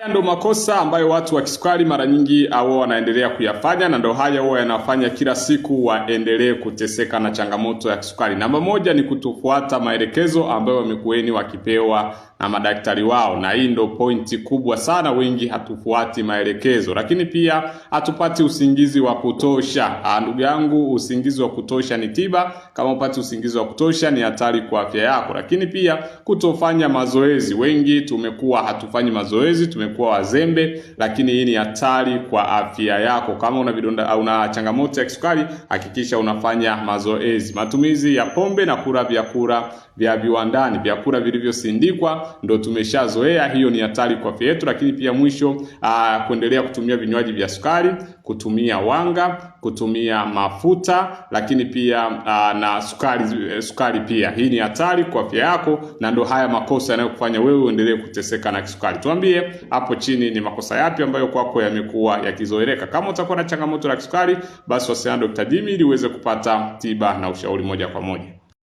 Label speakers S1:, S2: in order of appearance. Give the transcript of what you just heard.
S1: Haya ndo makosa ambayo watu wa kisukari mara nyingi wao wanaendelea kuyafanya, na ndo haya huwa yanafanya kila siku waendelee kuteseka na changamoto ya kisukari. Namba moja ni kutofuata maelekezo ambayo wamekuweni wakipewa na madaktari wao, na hii ndo pointi kubwa sana. Wengi hatufuati maelekezo, lakini pia hatupati usingizi wa kutosha. Ah, ndugu yangu, usingizi wa kutosha ni tiba. Kama upati usingizi wa kutosha, ni hatari kwa afya yako. Lakini pia kutofanya mazoezi, wengi tumekuwa hatufanyi mazoezi tume umekuwa wazembe, lakini hii ni hatari kwa afya yako. Kama una vidonda, una changamoto ya kisukari, hakikisha unafanya mazoezi. Matumizi ya pombe na kula vyakula vya viwandani, vyakula vilivyosindikwa ndo tumeshazoea, hiyo ni hatari kwa afya yetu. Lakini pia mwisho, aa, ah, kuendelea kutumia vinywaji vya sukari, kutumia wanga, kutumia mafuta, lakini pia aa, ah, na sukari, sukari pia hii ni hatari kwa afya yako, na ndo haya makosa yanayokufanya wewe uendelee kuteseka na kisukari. Tuambie hapo chini ni makosa yapi ambayo kwako yamekuwa yakizoeleka. Kama utakuwa na changamoto la kisukari, basi wasiliana na Dr. Jimmy ili uweze kupata tiba na ushauri moja kwa moja.